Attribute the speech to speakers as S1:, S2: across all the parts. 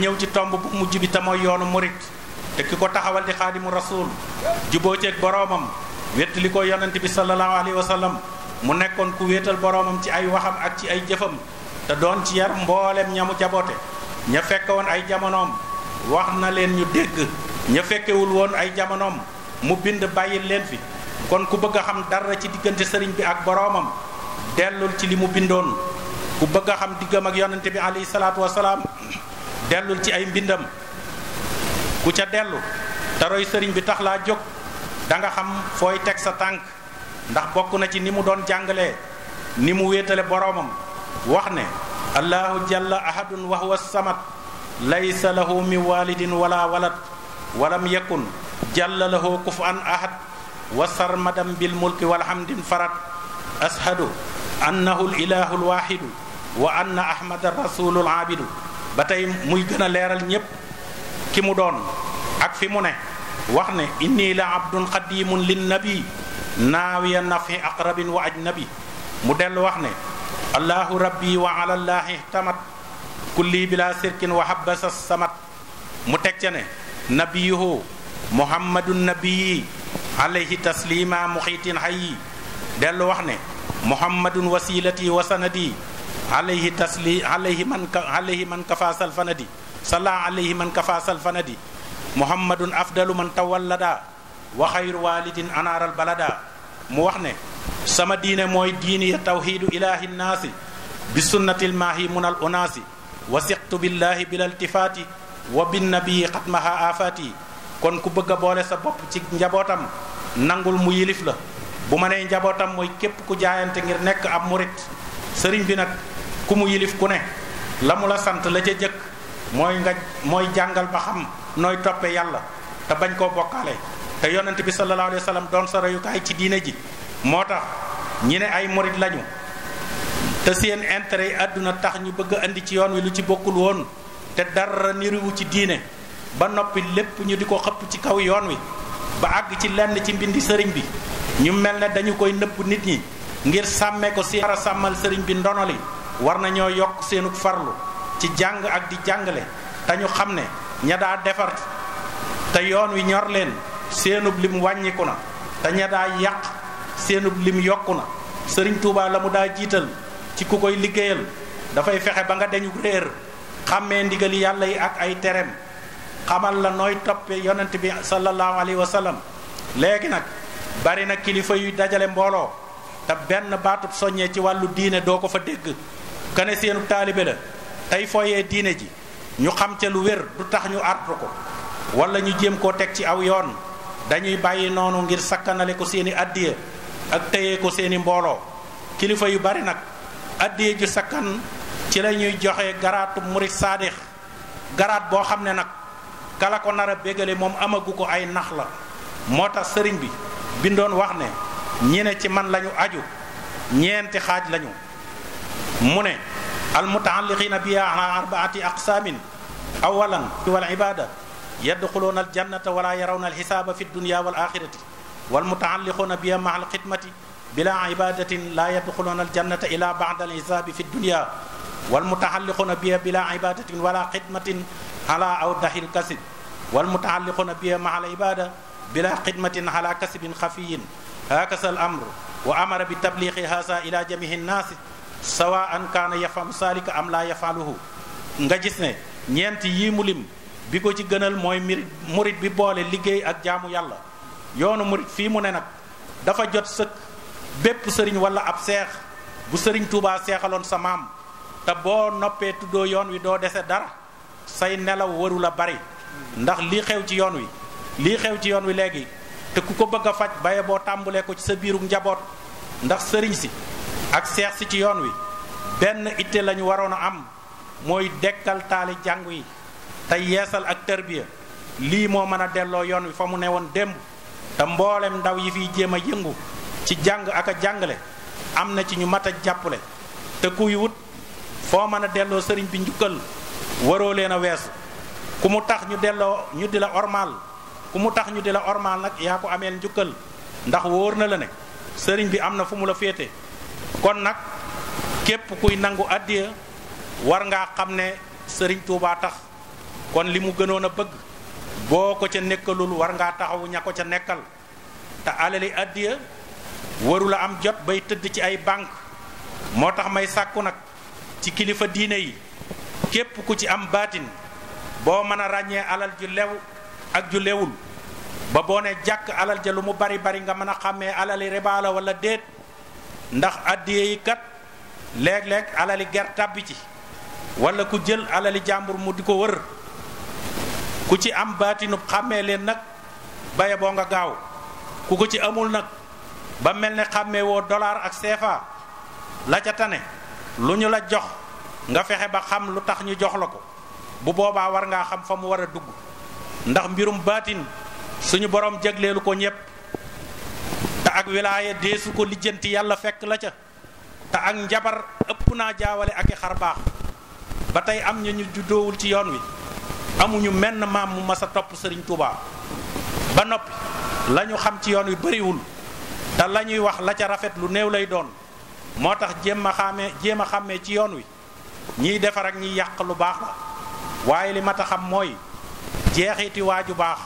S1: ñëw ci tomb bu mujj bi te mooy yoonu murit te ki ko taxawal di xaadimu rasul juboo ceeg boroomam wéttali ko yonent bi sallallahu alayhi wa sallam mu nekkoon ku wéetal boroomam ci ay waxam ak ci ay jëfam te doon ci yar mbooleem ñamu jaboote ña fekke woon ay jamonoom wax na leen ñu dégg ña fekkewul woon ay jamonoom mu bind bàyyil leen fi kon ku bëgg a xam dara ci diggante sëriñ bi ak boroomam dellul ci li mu bindoon ku bëgg a xam diggam ak yonente bi alayhi salaatu wasalaam dellul ci ay mbindam ku ca dellu te sëriñ bi tax laa jóg danga xam fooy teg sa tànk ndax bokk na ci ni mu doon jàngalee ni mu wéetale boroomam wax ne allahu jalla ahadun wa huwa samad laysa lahu min walidin wala walad walam yakun jalla lahu kufuwan ahad wa sarmadam bil mulki walhamdin farad ashadu annahu l ilahu wa anna ahmada rasulul aabidu ba tey muy gën a leeral ñépp ki mu doon ak fi mu ne wax ne inni la abdun xadimun lin nabi naawiya nafi aqrabin wa ajnabi mu dellu wax ne allahu rabbi wa alallaahi ihtamat kulli bila sirkin wa habasa samat mu teg ca ne nabiyuhu muhammadun nabiyi alayhi taslima muxiitin hayyi dellu wax ne muhammadun wasilati wa sanadi alayhi tasli alayhi man ka alayhi man kafaasal fanadi salla alayhi man kafaasal fanadi muhammadun afdalu man tawallada wa xayru walidin anaaral balada mu wax ne sama diine mooy diini ya tawxiidu ilaahi nnaasi bi sunnatil maahi munal unaasi wa siqtu billaahi bilal tifaati wa binnabii xatmaha afaati kon ku bëgg boole sa bopp ci njabootam nangul mu yilif la bu ma nee njabootam mooy képp ku jaayante ngir nekk ab murit sëriñ bi nag ku mu yilif ku ne la mu la sant la ca jëkk mooy nga mooy jàngal ba xam nooy toppee yàlla te bañ koo bokkaale te yonent bi sallallahu alayhi wa sallam doon sa royukaay ci diine ji moo tax ñi ne ay morit lañu te seen intérêt yi àdduna tax ñu bëgg indi ci yoon wi lu ci bokkul woon te dara niriwu ci diine ba noppi lépp ñu di ko xëpp ci kaw yoon wi ba àgg ci lenn ci mbindi sëriñ bi ñu mel ne dañu koy nëpp nit ñi ngir sàmmee ko si war sàmmal sëriñ bi ndono li war nañoo yokk seenug farlu ci jàng ak di jàngale te ñu xam ne ña daa defar te yoon wi ñor leen seenub lim wàññiku na te ña daa yàq seenub lim yokku na sëriñ Touba la mu daa jiital ci ku koy liggéeyal dafay fexe ba nga deñu réer xàmmee ndigali yàlla yi ak ay tereem xamal la nooy toppe yonent bi sallallahu alayhi wa sallam léegi nag bari na kilifa yuy dajale mbooloo te benn baatub soññee ci wàllu diine doo ko fa dégg kane seenu taalibe la tey foye diine ji ñu xam ca lu wér du tax ñu artu ko wala ñu jéem koo teg ci aw yoon dañuy bàyyi noonu ngir sakkanale ko seeni addiya ak teye ko seeni mbooloo kilifa yu bari nag addiya ju sakkan ci la ñuy joxe garaatu murit saadix garaat boo xam ne nag kala nar a bégale moom amagu ko ay nax la moo tax sëriñ bi bindoon wax ne ñi ne ci man lañu aju ñeenti xaaj lañu mu ne al mutaalliqiina biha ala arbaati aqsaamin awalan wal ibaada yadxuluuna al jannata wala yarawna al xisaaba fi dunya wal axirati wal mutaalliquuna biha maa al xidmati bila ibadatin laa yadxuluuna al jannata ila baada al xisaabi fi dunya wal mutaalliquuna biha bila ibadatin wala xidmatin ala aw daxil kasib wal mutaalliquuna biha maa al ibaada bila xidmatin ala kasibin xafiyin hakaza al amru wa amara bi tabliqi haza ila jamihi nnaasi sawa ankaane kaana yafalu saalika am laa yafaluhu nga gis ne ñeent yii mu lim bi ko ci gënal mooy murit murit bi boole liggéey ak jaamu yàlla yoonu murit fii mu ne nag dafa jot sëkk bépp sëriñ wala ab seex bu sëriñ Tuubaa seexaloon sa maam te boo noppee tuddoo yoon wi doo dese dara say nelaw waru la bari ndax lii xew ci yoon wi lii xew ci yoon wi léegi te ku ko bëgg a faj baye boo tàmbalee ko ci sa biiru njaboot ndax sëriñ si ak seex si ci yoon wi benn itte lañu waroon a am mooy dekkal taali jàngu yi te yeesal ak tërbiya lii moo mën a delloo yoon wi fa mu ne woon démb te mboolem ndaw yi fiy jéem a yëngu ci jàng ak a jàngale am na ci ñu mat a jàppale te kuy wut foo mën a delloo sëriñ bi njukkal waroo leen a weesu ku mu tax ñu delloo ñu di la ormaal ku mu tax ñu di la ormaal nag yaa ko ameel njukkal ndax wóor na la ne sëriñ bi am na fu mu la féete kon nag képp kuy nangu addiya war ngaa xam ne sëriñ Tuubaa tax kon li mu gënoon a bëgg boo ko ca nekkalul war ngaa taxawu ña ko ca nekkal te alali addiya warula am jot bay tëdd ci ay bànk moo tax may sàkku nag ci kilifa diine yi képp ku ci am baatin boo mën a ràññee alal ju lew ak ju lewul ba boo ne jàkk alal ja lu mu bari bari nga mën a xàmmee alali riba la wala déet ndax addiye yi kat léeg-léeg alali gert tàbbi ci walla ku jël alali jàmbur mu di ko wër ku ci am baatinub xàmmee leen nag baye boo nga gaaw ku ko ci amul nag ba mel ne xàmmee woo dollar ak CFA la ca tane lu ñu la jox nga fexe ba xam lu tax ñu jox la ko bu boobaa war ngaa xam fa mu war a dugg ndax mbirum baatin suñu borom jagleelu ko ñépp ak wilaaya deesu lijjanti yàlla fekk la ca te ak njabar ëpp naa jaawale ak i baax ba tey am ñu ñu ci yoon wi amuñu menn maam mu mas a topp sëriñ Touba ba noppi la xam ci yoon wi bariwul te la ñuy wax la ca rafet lu néew lay doon moo tax jéem a xàmmee ci yoon wi ñiy defar ak ñiy yàq lu baax la waaye li mat a xam mooy jeexiti ju baax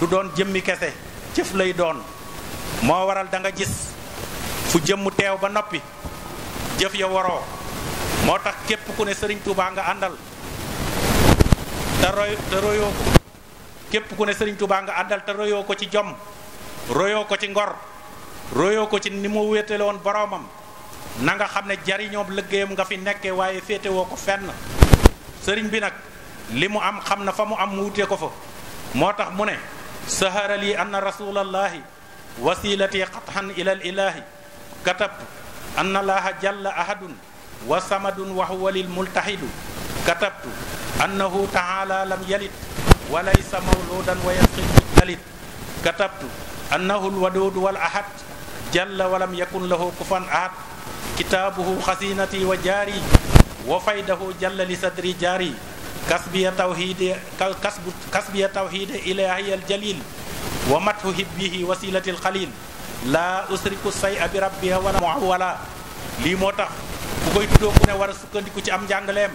S1: du doon jëmmi kese cëf lay doon moo waral danga gis fu jëmm teew ba noppi jëf ya waroo moo tax képp ku ne sëriñ Touba nga àndal te royoo ko képp ku ne sëriñ Touba nga àndal te royoo ko ci jom royoo ko ci ngor royoo ko ci ni mu wéetale boroomam na nga xam ne jariñoom liggéeyam nga fi nekkee waaye féetewoo ko fenn sëriñ bi nag li mu am xam na fa mu am mu ko fa moo tax mu ne saharali anna rasulallahi wasilati qatxan ila al ilahi katabtu anna laaha jalla ahadun wa samadun wa huwa lil multaxidu katabtu annahu taala lam yalid wa laysa mawludan wa yasqil mujtalid katabtu annahu lwadudu wal ahad jalla wa lam yakun lahu kufan ahad kitaabuhu xasinati wa jaari wa faydahu jalla li sadri jaari kasbiya tawhide kasbu kasbiya tawhide ilahiya aljalil wa mathu hibbihi wasilati alxalil laa usriku say abi rabbiha wala wala lii moo tax ku koy tuddoo ku ne war a sukkandiku ci am njàngaleem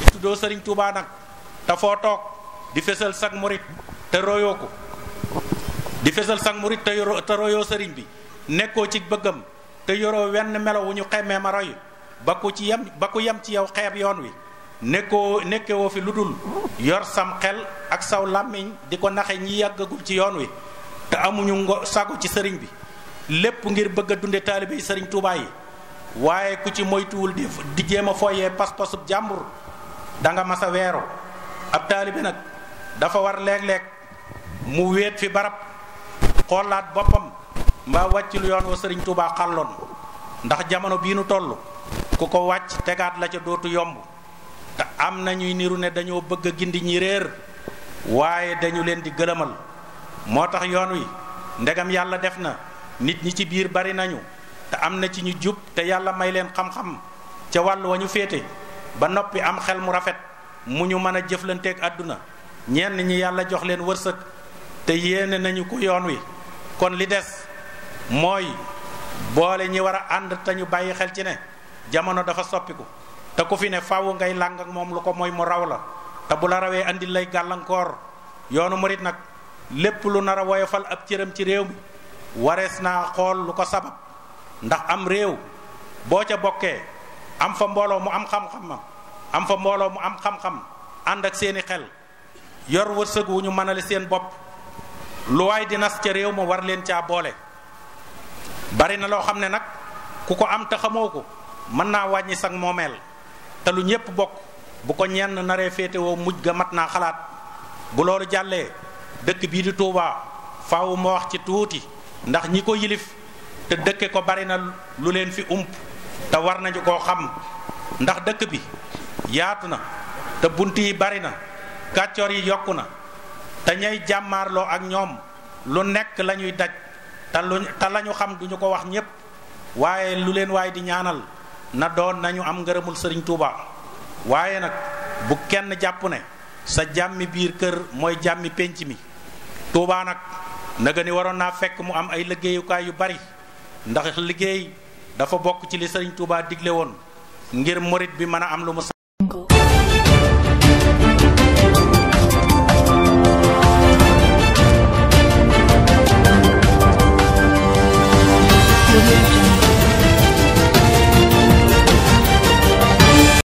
S1: di tuddoo sëriñ Tuubaa nag dafoo toog di fesal sag murit te royoo ko di fesal sag murit te royoo sëriñ bi nekkoo ci bëggam te yoroo wenn melowuñu wu ñu xemmee ma roy ba ku ci yem ba ku yem ci yow xeeb yoon wi nekkoo nekkewoo fi lu dul yor sam xel ak saw làmmiñ di ko naxe ñi yàggagul ci yoon wi te amuñu ngo sago ci sëriñ bi lépp ngir bëgg a dunde taalibe yi sëriñ Tuubaa yi waaye ku ci moytuwul di di jéem a fooyee pas-pasub jàmbur da nga mas a weeru ab taalibe nag dafa war léeg-léeg mu wéet fi barab xoolaat boppam mbaa wàccul yoon wa sëriñ Tuubaa xàlloon ndax jamono bii nu toll ku ko wàcc tegaat la ca dootu yomb am na ñuy niru ne dañoo bëgg a gindi ñi réer waaye dañu leen di gëlëmal moo tax yoon wi ndegam yàlla def na nit ñi ci biir bari nañu te am na ci ñu jub te yàlla may leen xam-xam ca wàll wa ñu féete ba noppi am xel mu rafet mu ñu mën a jëflanteeg àdduna ñenn ñi yàlla jox leen wërsëg te yéene nañu ko yoon wi kon li des mooy boole ñi war a ànd te ñu bàyyi xel ci ne jamono dafa soppiku te ku fi ne faaw ngay làng ak moom lu ko mooy mu raw la te bu la rawee andil lay gàllankoor yoonu murit nag lépp lu nar a woyofal ab cëram ci réew mi warees naa xool lu ko sabab ndax am réew boo ca bokkee am fa mbooloo mu am xam-xam am fa mbooloo mu am xam-xam ànd ak seeni xel yor wërsëg wu ñu mënale seen bopp lu waay di nas ca réew ma war leen caa boole bari na loo xam ne nag ku ko am te xamoo ko mën naa wàññi sang moomeel te lu ñépp bokk bu ko ñenn naree féetewoo mujj ga mat naa xalaat bu loolu jàllee dëkk bii di Touba faaw ma wax ci tuuti ndax ñi ko yilif te dëkke ko bari na lu leen fi ump te war nañu koo xam ndax dëkk bi yaatu na te bunt yi bari na kàccoor yi yokku na te ñay jàmmaarloo ak ñoom lu nekk lañuy daj te lu xam duñu ko wax ñépp waaye lu leen waay di ñaanal na doon nañu am ngërëmul sëriñ Touba waaye nag bu kenn jàpp ne sa jàmmi biir kër mooy jàmmi pénc mi Touba nag naga ni waroon naa fekk mu am ay liggéeyukaay yu bari ndax liggéey dafa bokk ci li sëriñ Touba digle woon ngir murit bi mën a am lu mu